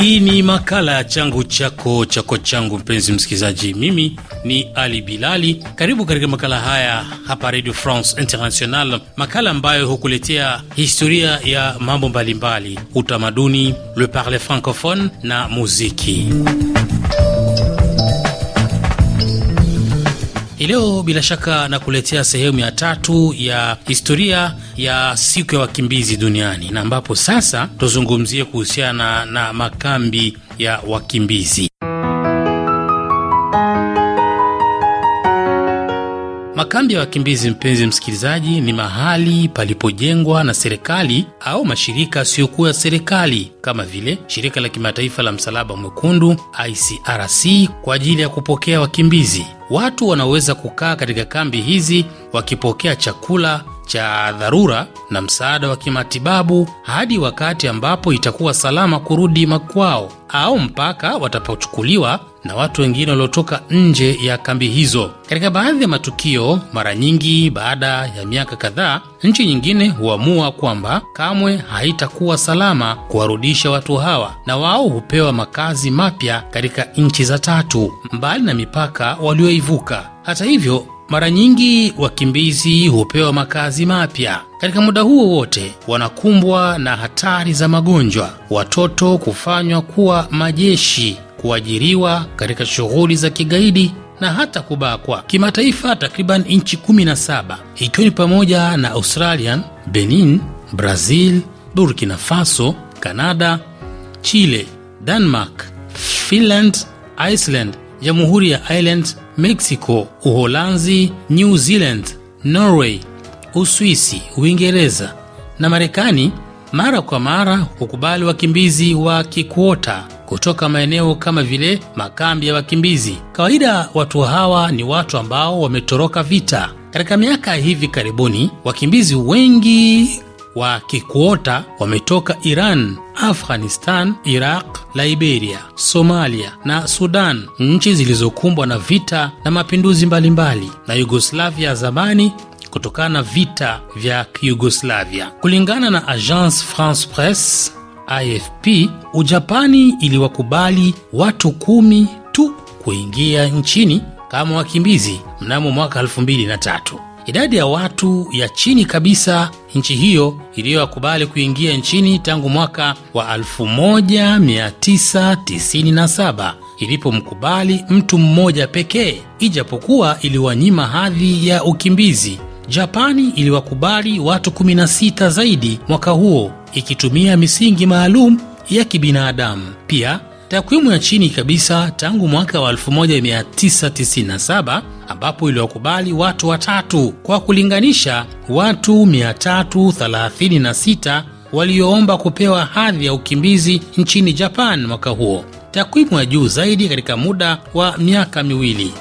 Hii ni makala ya changu chako chako changu. Mpenzi msikilizaji, mimi ni Ali Bilali. Karibu katika makala haya hapa Radio France International, makala ambayo hukuletea historia ya mambo mbalimbali, utamaduni, le parle francophone na muziki. Hii leo bila shaka nakuletea sehemu ya tatu ya historia ya siku ya wakimbizi duniani, na ambapo sasa tuzungumzie kuhusiana na makambi ya wakimbizi. Makambi ya wakimbizi, mpenzi msikilizaji, ni mahali palipojengwa na serikali au mashirika yasiyokuwa ya serikali kama vile shirika la kimataifa la msalaba mwekundu ICRC kwa ajili ya kupokea wakimbizi. Watu wanaweza kukaa katika kambi hizi wakipokea chakula cha dharura na msaada wa kimatibabu hadi wakati ambapo itakuwa salama kurudi makwao au mpaka watapochukuliwa na watu wengine waliotoka nje ya kambi hizo. Katika baadhi ya matukio, mara nyingi baada ya miaka kadhaa, nchi nyingine huamua kwamba kamwe haitakuwa salama kuwarudisha watu hawa, na wao hupewa makazi mapya katika nchi za tatu, mbali na mipaka walioivuka. Hata hivyo mara nyingi wakimbizi hupewa makazi mapya. Katika muda huo wote wanakumbwa na hatari za magonjwa, watoto kufanywa kuwa majeshi, kuajiriwa katika shughuli za kigaidi na hata kubakwa. Kimataifa, takriban nchi 17 ikiwa ni pamoja na Australia, Benin, Brazil, Burkina Faso, Kanada, Chile, Denmark, Finland, Iceland, Jamhuri ya Ireland Mexico, Uholanzi, New Zealand, Norway, Uswisi, Uingereza na Marekani mara kwa mara hukubali wakimbizi wa kikuota kutoka maeneo kama vile makambi ya wakimbizi. Kawaida watu hawa ni watu ambao wametoroka vita. Katika miaka hivi karibuni, wakimbizi wengi wa kikuota wametoka Iran, Afghanistan, Iraq, Liberia, Somalia na Sudan, nchi zilizokumbwa na vita na mapinduzi mbalimbali mbali, na Yugoslavia zamani kutokana na vita vya Kiyugoslavia. Kulingana na Agence France Presse AFP, Ujapani iliwakubali watu kumi tu kuingia nchini kama wakimbizi mnamo mwaka tatu idadi ya watu ya chini kabisa nchi hiyo iliyoyakubali kuingia nchini tangu mwaka wa 1997 ilipomkubali mtu mmoja pekee, ijapokuwa iliwanyima hadhi ya ukimbizi. Japani iliwakubali watu 16 zaidi mwaka huo ikitumia misingi maalum ya kibinadamu. Pia Takwimu ya chini kabisa tangu mwaka wa 1997 ambapo iliwakubali watu watatu kwa kulinganisha watu 336 walioomba kupewa hadhi ya ukimbizi nchini Japan mwaka huo, takwimu ya juu zaidi katika muda wa miaka miwili.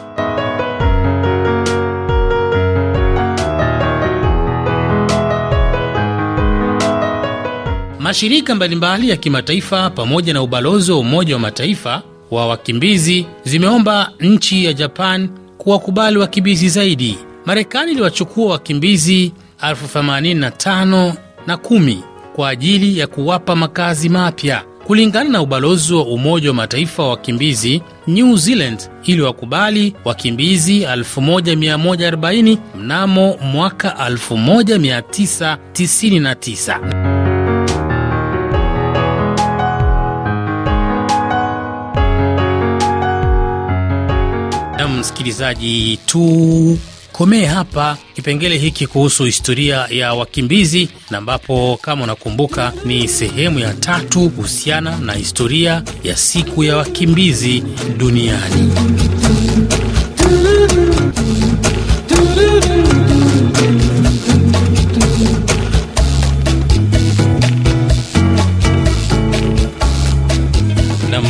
Mashirika mbalimbali ya kimataifa pamoja na ubalozi wa Umoja wa Mataifa wa wakimbizi zimeomba nchi ya Japan kuwakubali wakimbizi zaidi. Marekani iliwachukua wakimbizi 85 na 1 kwa ajili ya kuwapa makazi mapya. Kulingana na ubalozi wa Umoja wa Mataifa wa wakimbizi, New Zealand iliwakubali wakimbizi 1140 mnamo mwaka 1999. msikilizaji, tukomee hapa kipengele hiki kuhusu historia ya wakimbizi, na ambapo kama unakumbuka ni sehemu ya tatu kuhusiana na historia ya siku ya wakimbizi duniani.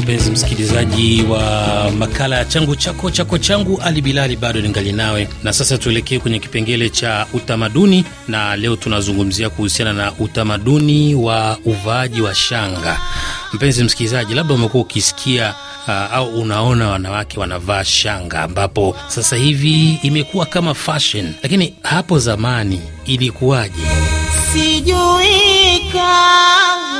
mpenzi msikilizaji wa makala ya changu chako chako changu, Ali Bilali bado ningali nawe, na sasa tuelekee kwenye kipengele cha utamaduni, na leo tunazungumzia kuhusiana na utamaduni wa uvaaji wa shanga. Mpenzi msikilizaji, labda umekuwa ukisikia Uh, au unaona wanawake wanavaa shanga ambapo sasa hivi imekuwa kama fashion, lakini hapo zamani ilikuwaje? Sijui kama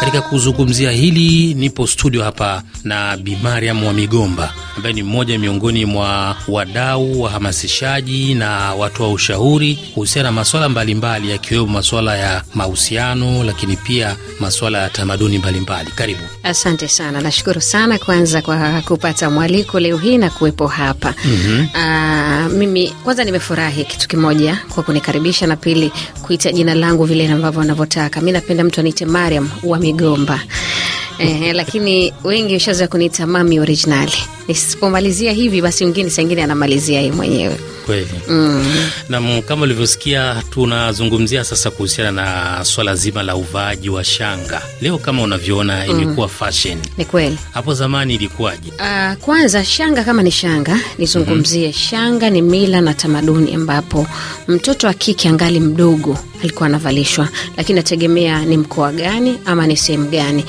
Katika kuzungumzia hili, nipo studio hapa na Bi Mariam wa Migomba ambaye ni mmoja miongoni mwa wadau wahamasishaji na watoa ushauri kuhusiana na maswala mbalimbali yakiwemo maswala ya mahusiano, lakini pia maswala ya tamaduni mbalimbali. Karibu. Asante sana, nashukuru sana kwanza kwa kupata mwaliko leo hii na kuwepo hapa. mm -hmm. Uh, mimi kwanza nimefurahi kitu kimoja kwa kunikaribisha, na pili kuita jina langu vile ambavyo anavyotaka. Mi napenda mtu aniite Mariam Miriam wa Migomba. Eh, lakini wengi ushaza kuniita mami originali. Nisipomalizia hivi basi wengine sangine anamalizia yeye mwenyewe. Kweli. Mm. Na kama ulivyosikia tunazungumzia sasa kuhusiana na swala zima la uvaaji wa shanga. Leo kama unavyoona mm. fashion. Ni kweli. Hapo zamani ilikuwaje? Uh, kwanza shanga kama ni shanga, nizungumzie mm -hmm. Shanga ni mila na tamaduni ambapo mtoto wa kike angali mdogo alikuwa anavalishwa, lakini nategemea ni mkoa gani ama ni sehemu gani.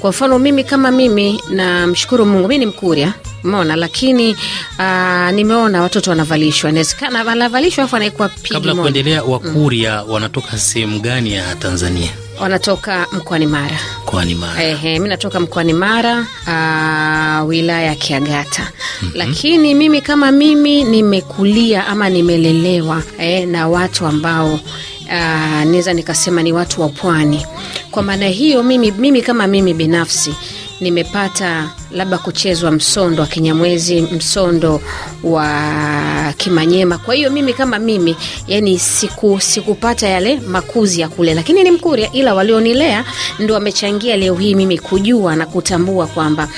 Kwa mfano mimi kama mimi, namshukuru Mungu, mi ni Mkurya mona, lakini uh, nimeona watoto wanavalishwa, inawezekana wanavalishwa afu anaikuwa pili. Kabla kuendelea, Wakurya mm, wanatoka sehemu gani ya Tanzania? Wanatoka mkoani Mara. Mkoani Mara. Ehe, mi natoka mkoani Mara, aa, ah, wilaya ya Kiagata. mm -hmm. Lakini mimi kama mimi nimekulia ama nimelelewa e, na watu ambao Ah, naweza nikasema ni watu wa pwani. Kwa maana hiyo mimi, mimi kama mimi binafsi nimepata labda kuchezwa msondo wa Kinyamwezi, msondo wa Kimanyema. Kwa hiyo mimi kama mimi, yani siku sikupata yale makuzi ya kule, lakini ni Mkuria, ila walionilea ndo wamechangia leo hii mimi kujua na kutambua kwamba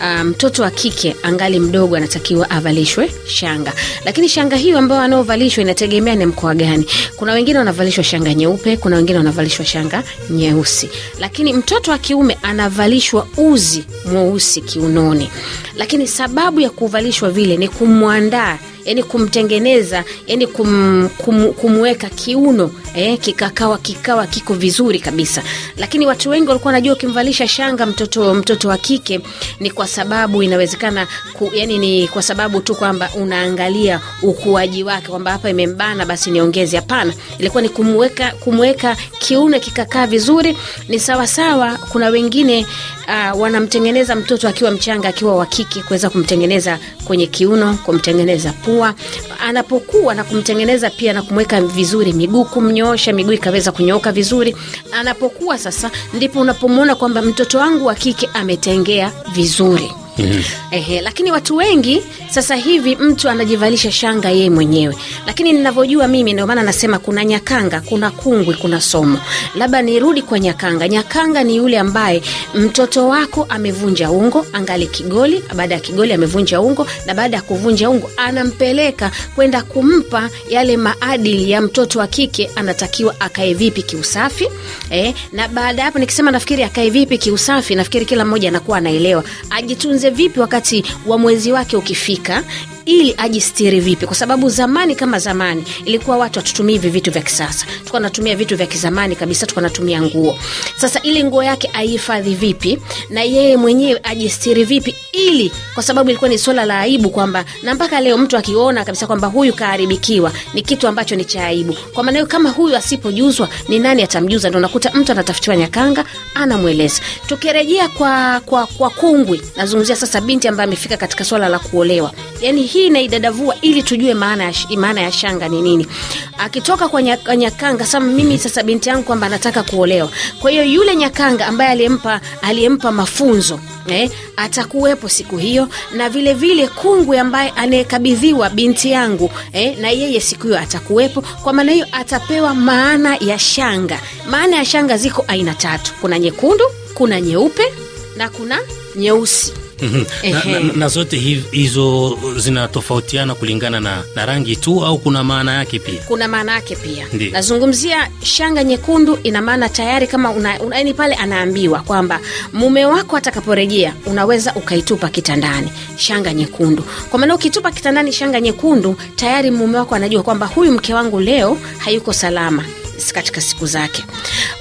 ah, mtoto um, wa kike angali mdogo anatakiwa avalishwe shanga, lakini shanga hiyo ambayo anaovalishwa inategemea ni mkoa gani. Kuna wengine wanavalishwa shanga nyeupe, kuna wengine wanavalishwa shanga nyeusi mweusi lakini mtoto wa kiume anavalishwa uzi mweusi kiunoni, lakini sababu ya kuvalishwa vile ni kumwandaa yani kumtengeneza yani kum, kum, kumweka kiuno eh, kikakawa kikawa kiko vizuri kabisa. Lakini watu wengi walikuwa wanajua ukimvalisha shanga mtoto mtoto wa kike ni kwa sababu inawezekana ku, yani ni kwa sababu tu kwamba unaangalia ukuaji wake kwamba hapa imembana basi niongeze. Hapana, ilikuwa ni kumweka kumweka kiuno kikakaa vizuri. Ni sawa sawa, kuna wengine uh, wanamtengeneza mtoto akiwa mchanga akiwa wa kike kuweza kumtengeneza kwenye kiuno, kumtengeneza pu kukamua, anapokuwa na kumtengeneza pia na kumweka vizuri miguu, kumnyoosha miguu ikaweza kunyooka vizuri. Anapokuwa sasa, ndipo unapomwona kwamba mtoto wangu wa kike ametengea vizuri mm-hmm. Ehe, lakini watu wengi sasa hivi mtu anajivalisha shanga yeye mwenyewe, lakini ninavyojua mimi, ndio maana nasema kuna Nyakanga, kuna Kungwi, kuna Somo. Labda nirudi kwa Nyakanga. Nyakanga ni yule ambaye mtoto wako amevunja ungo, angali kigoli, baada ya kigoli amevunja ungo, na baada ya kuvunja ungo anampeleka kwenda kumpa yale maadili ya mtoto wa kike, anatakiwa akae vipi kiusafi eh, na baada ya hapo nikisema nafikiri akae vipi kiusafi, nafikiri kila mmoja anakuwa anaelewa ajitunze vipi wakati wa mwezi wake ukifika ili ajistiri vipi, kwa sababu zamani kama zamani ilikuwa watu hatutumii hivi vitu vya kisasa, tukuwa natumia vitu vya kizamani kabisa, tukuwa natumia nguo. Sasa ili nguo yake aihifadhi vipi na yeye mwenyewe ajistiri vipi, ili kwa sababu ilikuwa ni swala la aibu kwamba, na mpaka leo mtu akiona kabisa kwamba huyu kaharibikiwa, ni kitu ambacho ni cha aibu. Kwa maana hiyo, kama huyu asipojuzwa, ni nani atamjuza? Ndo nakuta mtu anatafutiwa nyakanga, anamweleza. Tukirejea kwa, kwa, kwa kungwi, nazungumzia sasa binti ambaye amefika katika swala la kuolewa, yani hii inaidadavua ili tujue maana ya, maana ya shanga ni nini. Akitoka kwa nyakanga nyaka, sasa mimi sasa binti yangu kwamba anataka kuolewa, kwa hiyo yule nyakanga ambaye aliyempa aliyempa mafunzo eh, atakuwepo siku hiyo, na vile vile kungwe ambaye anayekabidhiwa binti yangu eh, na yeye siku hiyo atakuwepo. Kwa maana hiyo atapewa maana ya shanga. Maana ya shanga ziko aina tatu, kuna nyekundu, kuna nyeupe na kuna nyeusi. Mm -hmm. Na, na, na zote hizo zinatofautiana kulingana na, na rangi tu au kuna maana yake pia? Kuna maana yake pia. Nazungumzia shanga nyekundu, ina maana tayari kama una, una, pale anaambiwa kwamba mume wako atakaporejea unaweza ukaitupa kitandani shanga nyekundu. Kwa maana ukitupa kitandani shanga nyekundu, tayari mume wako anajua kwamba huyu mke wangu leo hayuko salama katika siku zake.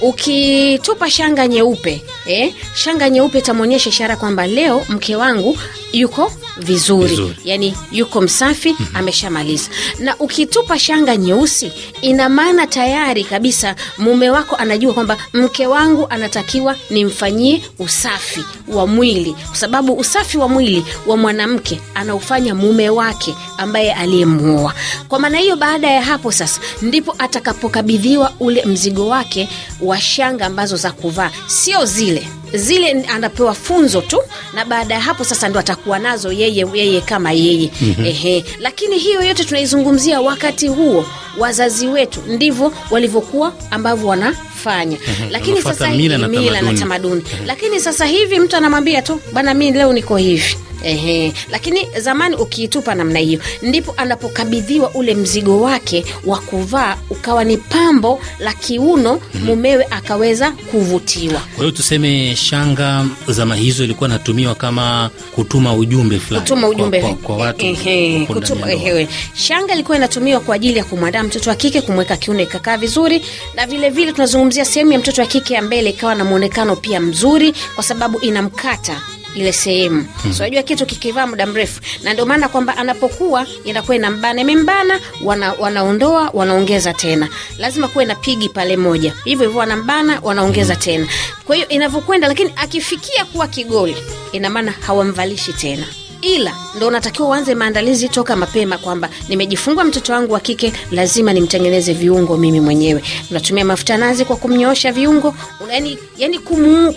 Ukitupa shanga nyeupe eh, shanga nyeupe itamwonyesha ishara kwamba leo mke wangu yuko vizuri, vizuri. Yani yuko msafi mm -hmm. Ameshamaliza. Na ukitupa shanga nyeusi, ina maana tayari kabisa mume wako anajua kwamba mke wangu anatakiwa nimfanyie usafi wa mwili, kwa sababu usafi wa mwili wa mwanamke anaufanya mume wake ambaye aliyemuoa Kwa maana hiyo, baada ya hapo sasa ndipo atakapokabidhiwa ule mzigo wake wa shanga ambazo za kuvaa, sio zile zile anapewa funzo tu, na baada ya hapo sasa ndo atakuwa nazo yeye yeye kama yeye mm-hmm. Ehe, lakini hiyo yote tunaizungumzia wakati huo wazazi wetu ndivyo walivyokuwa ambavyo wanafanya mm-hmm. lakini sasa mila na tamaduni, na tamaduni. Mm-hmm. lakini sasa hivi mtu anamwambia tu bana, mi leo niko hivi Ehe, lakini zamani ukiitupa namna hiyo, ndipo anapokabidhiwa ule mzigo wake wa kuvaa, ukawa ni pambo la kiuno, mhm. mumewe akaweza kuvutiwa. Kwa hiyo tuseme shanga zama hizo ilikuwa natumiwa kama kutuma ujumbe fulani, kutuma ujumbe kwa, kwa, kwa watu. Ehe, kutuma, ehe, shanga ilikuwa inatumiwa kwa ajili ya kumwandaa mtoto wa kike, kumweka kiuno ikakaa vizuri, na vile vile tunazungumzia sehemu ya mtoto wa kike ya mbele ikawa na muonekano pia mzuri, kwa sababu inamkata ile sehemu hmm. So unajua kitu kikivaa muda mrefu, na ndio maana kwamba anapokuwa inakuwa inambana, imembana, wana, wanaondoa wanaongeza tena, lazima kuwe na pigi pale moja, hivyo hivyo wanambana, wanaongeza mhm. tena. Kwa hiyo inavyokwenda, lakini akifikia kuwa kigoli, ina maana hawamvalishi tena ila ndo unatakiwa uanze maandalizi toka mapema, kwamba nimejifungua mtoto wangu wa kike, lazima nimtengeneze viungo mimi mwenyewe. Unatumia mafuta nazi kwa kumnyoosha viungo, yani, yani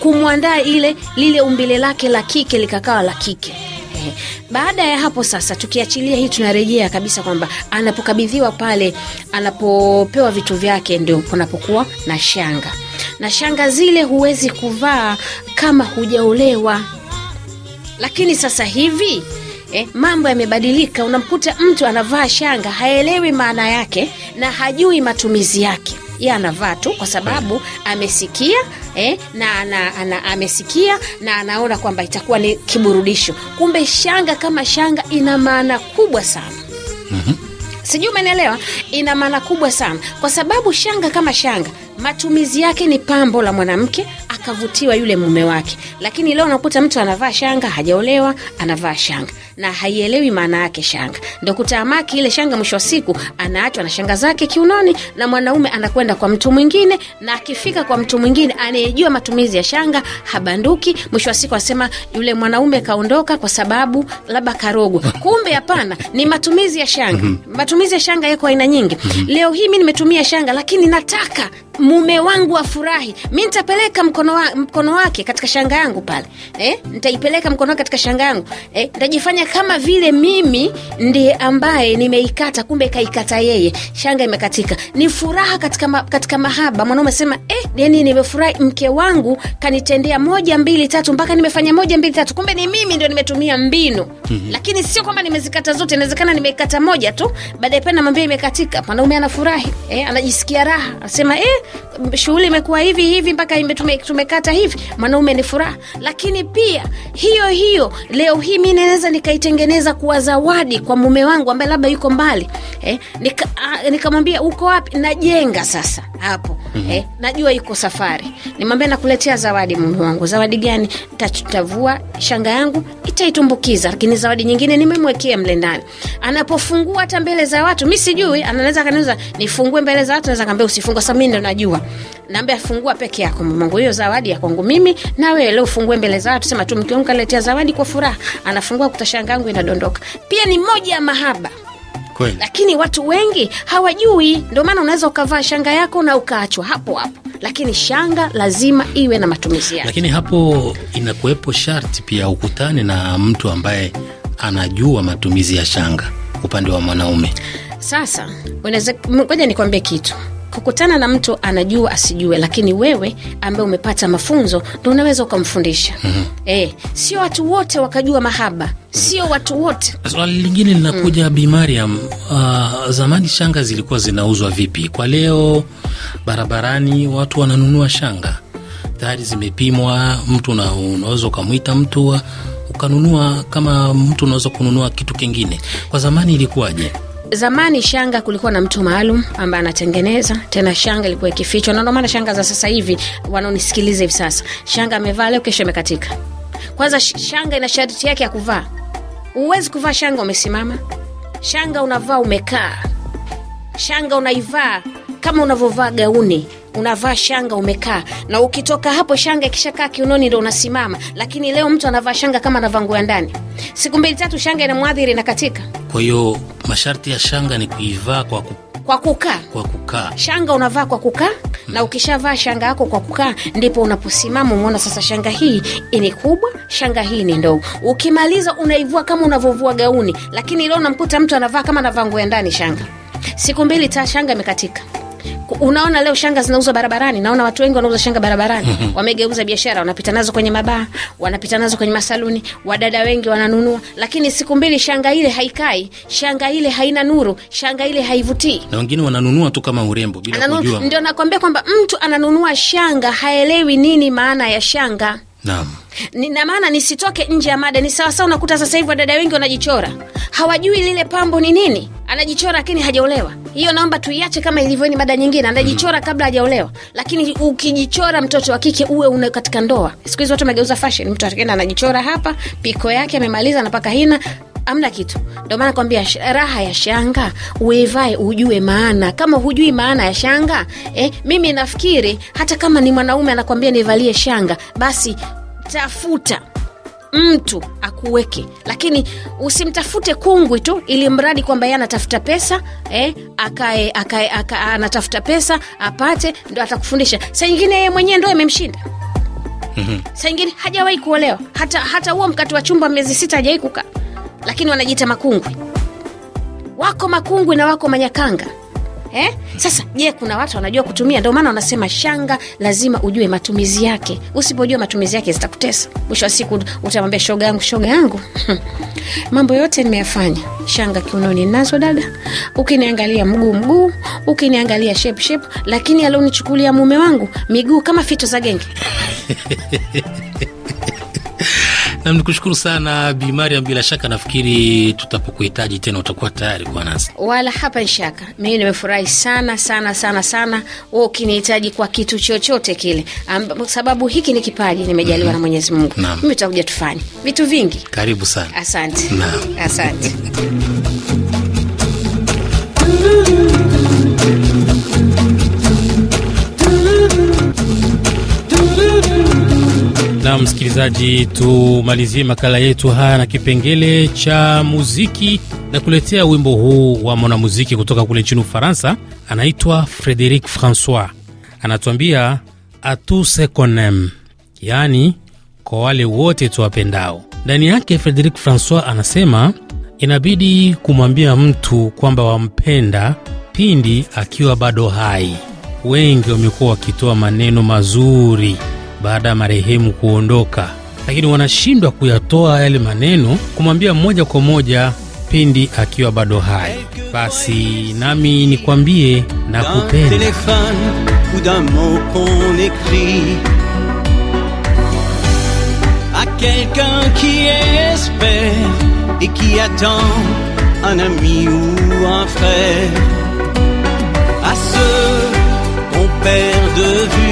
kumwandaa ile lile umbile lake la kike likakawa la kike. Baada ya hapo sasa, tukiachilia hii, tunarejea kabisa kwamba anapokabidhiwa pale, anapopewa vitu vyake, ndio kunapokuwa na shanga, na shanga zile huwezi kuvaa kama hujaolewa. Lakini sasa hivi eh, mambo yamebadilika. Unamkuta mtu anavaa shanga, haelewi maana yake na hajui matumizi yake ye anavaa tu kwa sababu amesikia eh, na ana, ana, amesikia na anaona kwamba itakuwa ni kiburudisho. Kumbe shanga kama shanga ina maana kubwa sana mm-hmm. Sijui umenielewa, ina maana kubwa sana kwa sababu shanga kama shanga, matumizi yake ni pambo la mwanamke, akavutiwa yule mume wake. Lakini leo unakuta mtu anavaa shanga, hajaolewa, anavaa shanga na haielewi maana yake shanga. Ndio kutamaki ile shanga, mwisho wa siku anaachwa na shanga zake kiunoni, na mwanaume anakwenda kwa mtu mwingine, na akifika kwa mtu mwingine anayejua matumizi ya shanga habanduki. Mwisho wa siku asema yule mwanaume kaondoka kwa sababu labda karogwa. Kumbe hapana, ni matumizi ya shanga. Mhm. Matumizi ya shanga yako aina nyingi. Mhm. Leo hii mimi nimetumia shanga, lakini nataka mume wangu afurahi, wa mi nitapeleka mkono, wa, mkono wake katika shanga yangu pale eh? ntaipeleka mkono wake katika shanga yangu eh? ntajifanya kama vile mimi ndiye ambaye nimeikata, kumbe kaikata yeye, shanga imekatika. Ni furaha katika, ma, katika mahaba. Mwanaume asema eh, yani nimefurahi, mke wangu kanitendea moja mbili tatu, mpaka nimefanya moja mbili tatu, kumbe ni mimi ndio nimetumia mbinu mm-hmm. Lakini sio kwamba nimezikata zote, inawezekana nimeikata moja tu, baadaye pia namwambia imekatika. Mwanaume anafurahi eh, anajisikia raha, anasema eh shughuli imekuwa hivi hivi mpaka tumekata hivi, mwanaume ni furaha. Lakini pia hiyo hiyo leo hii mi naweza nikaitengeneza kuwa zawadi kwa mume wangu ambaye labda yuko mbali eh, ah, nikamwambia nika uko wapi, najenga sasa hapo mm -hmm. Eh, najua iko safari, nimwambia nakuletea zawadi mume wangu. Zawadi gani? Tatavua shanga yangu itaitumbukiza, lakini zawadi nyingine nimemwekea mle ndani. Anapofungua hata mbele za watu, mi sijui, anaweza kaniuza nifungue mbele za watu, naweza kaambia usifungue. sa mi ndo najua, naambia fungua peke yako mume hiyo zawadi ya kwangu mimi, na wewe leo ufungue mbele za watu, sema tu mkiwangu kaletea zawadi kwa furaha. Anafungua kuta shanga yangu inadondoka. Pia ni moja ya mahaba Kweli. Lakini watu wengi hawajui, ndio maana unaweza ukavaa shanga yako na ukaachwa hapo hapo, lakini shanga lazima iwe na matumizi yake. Lakini hapo inakuwepo sharti pia ukutane na mtu ambaye anajua matumizi ya shanga upande wa mwanaume. Sasa ngoja nikwambie kitu kukutana na mtu anajua asijue, lakini wewe ambaye umepata mafunzo ndo unaweza ukamfundisha. mm-hmm. E, sio watu wote wakajua mahaba, sio watu wote. Swali lingine linakuja mm. Bi Mariam, uh, zamani shanga zilikuwa zinauzwa vipi? Kwa leo barabarani watu wananunua shanga tayari zimepimwa, mtu unaweza ukamwita mtu ukanunua, kama mtu unaweza kununua kitu kingine. Kwa zamani ilikuwaje? Zamani shanga kulikuwa na mtu maalum ambaye anatengeneza, tena shanga ilikuwa ikifichwa, na ndio maana shanga za sasa hivi, wanaonisikiliza hivi sasa, shanga amevaa leo, kesho imekatika. Kwanza shanga ina sharti yake ya kuvaa. Huwezi kuvaa shanga umesimama, shanga unavaa umekaa, shanga unaivaa kama unavyovaa gauni unavaa shanga umekaa, na ukitoka hapo shanga ikishakaa kiunoni ndo unasimama. Lakini leo mtu anavaa shanga kama anavaa nguo ya ndani, siku mbili tatu shanga inamwadhiri, katika Kwa hiyo masharti ya shanga ni kuivaa kwa ku kwa kukaa kwa kukaa, shanga unavaa kwa kukaa hmm. Na ukishavaa shanga yako kwa kukaa, ndipo unaposimama umeona sasa shanga hii ni kubwa, shanga hii ni ndogo. Ukimaliza unaivua kama unavovua gauni, lakini leo unamkuta mtu anavaa kama anavaa nguo ya ndani shanga. Siku mbili ta shanga imekatika. Unaona leo shanga zinauzwa barabarani, naona watu wengi wanauza shanga barabarani. Wamegeuza biashara, wanapita nazo kwenye mabaa, wanapita nazo kwenye masaluni, wadada wengi wananunua, lakini siku mbili shanga ile haikai, shanga ile haina nuru, shanga ile haivutii, na wengine wananunua tu kama urembo bila kujua. Ndio nakwambia kwamba mtu ananunua shanga haelewi nini maana ya shanga. Nina maana nisitoke nje ya mada. Ni sawasawa, unakuta sasa hivi wadada wengi wanajichora, hawajui lile pambo ni nini. Anajichora lakini hajaolewa. Hiyo naomba tuiache kama ilivyo, ni mada nyingine. Anajichora kabla hajaolewa, lakini ukijichora mtoto wa kike uwe una katika ndoa. Siku hizi watu wamegeuza fashion, mtu akenda anajichora hapa, piko yake amemaliza, anapaka hina, amna kitu. Ndio maana kwambia raha ya shanga uivae, ujue maana. Kama hujui maana ya shanga eh, mimi nafikiri hata kama ni mwanaume anakwambia nivalie shanga, basi tafuta mtu akuweke, lakini usimtafute kungwi tu, ili mradi kwamba yeye anatafuta pesa eh, akae, akae, akae, anatafuta pesa apate, ndo atakufundisha. Saa nyingine yeye mwenyewe ndo amemshinda. mm-hmm. Saa nyingine hajawahi kuolewa, hata hata huo mkati wa chumba miezi sita hajawahi kukaa lakini wanajiita makungwi wako makungwi na wako manyakanga eh? Sasa je, kuna watu wanajua kutumia? Ndio maana wanasema shanga lazima ujue matumizi yake. Usipojua matumizi yake zitakutesa. Mwisho wa siku utamwambia shoga yangu, shoga yangu mambo yote nimeyafanya. Shanga kiunoni nazo dada, ukiniangalia mguu mguu, ukiniangalia shepshep lakini alionichukulia mume wangu miguu kama fito za genge Nam, nikushukuru sana Bi Mariam, bila shaka nafikiri tutapokuhitaji tena utakuwa tayari kwa nasi, wala hapa nshaka Mimi nimefurahi sana sana sana sana, wewe ukinihitaji kwa kitu chochote kile, sababu hiki ni kipaji nimejaliwa mm -hmm. na mhm. Mwenyezi Mungu. Mimi tutakuja tufanye vitu vingi. Karibu sana, asante asante msikilizaji, tumalizie makala yetu haya na kipengele cha muziki na kuletea wimbo huu wa mwanamuziki kutoka kule nchini Ufaransa, anaitwa Frederic Francois, anatuambia a tous yani qu'on aime, yaani kwa wale wote tuwapendao. Ndani yake Frederic Francois anasema inabidi kumwambia mtu kwamba wampenda pindi akiwa bado hai. Wengi wamekuwa wakitoa maneno mazuri baada ya marehemu kuondoka, lakini wanashindwa kuyatoa yale maneno kumwambia moja kwa moja pindi akiwa bado hai. Basi nami nikwambie na kupenda quelqu'un qui espère et qui attend un ami ou un frère, à ceux qu'on perd de vue.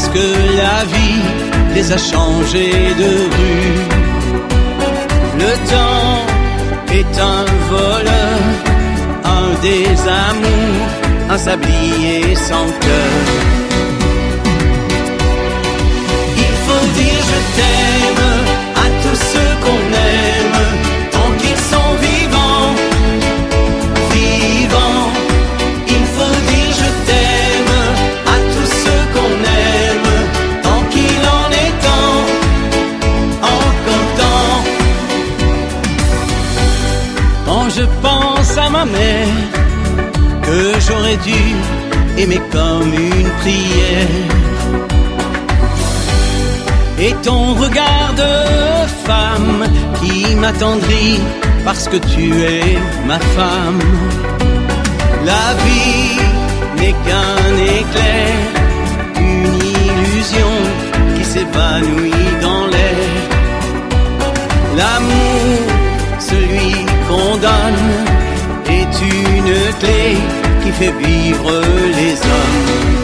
parce que la vie les a changés de rue. Le temps est un voleur, un désamour, un sablier sans cœur. que j'aurais dû aimer comme une prière. Et ton regard de femme qui m'attendrit parce que tu es ma femme. La vie n'est qu'un éclair, une illusion qui s'évanouit dans l'air. L'amour, celui qu'on donne une clé qui fait vivre les hommes.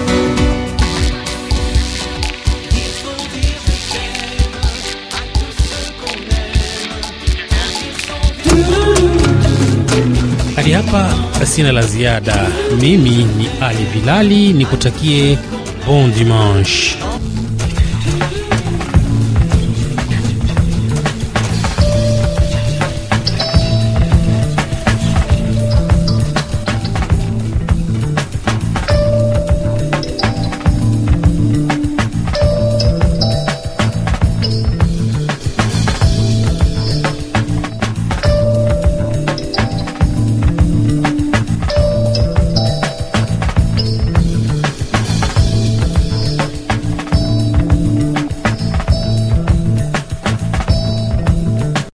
Hadi hapa sina la ziada. Mimi ni Ali Bilali, nikutakie bon dimanche.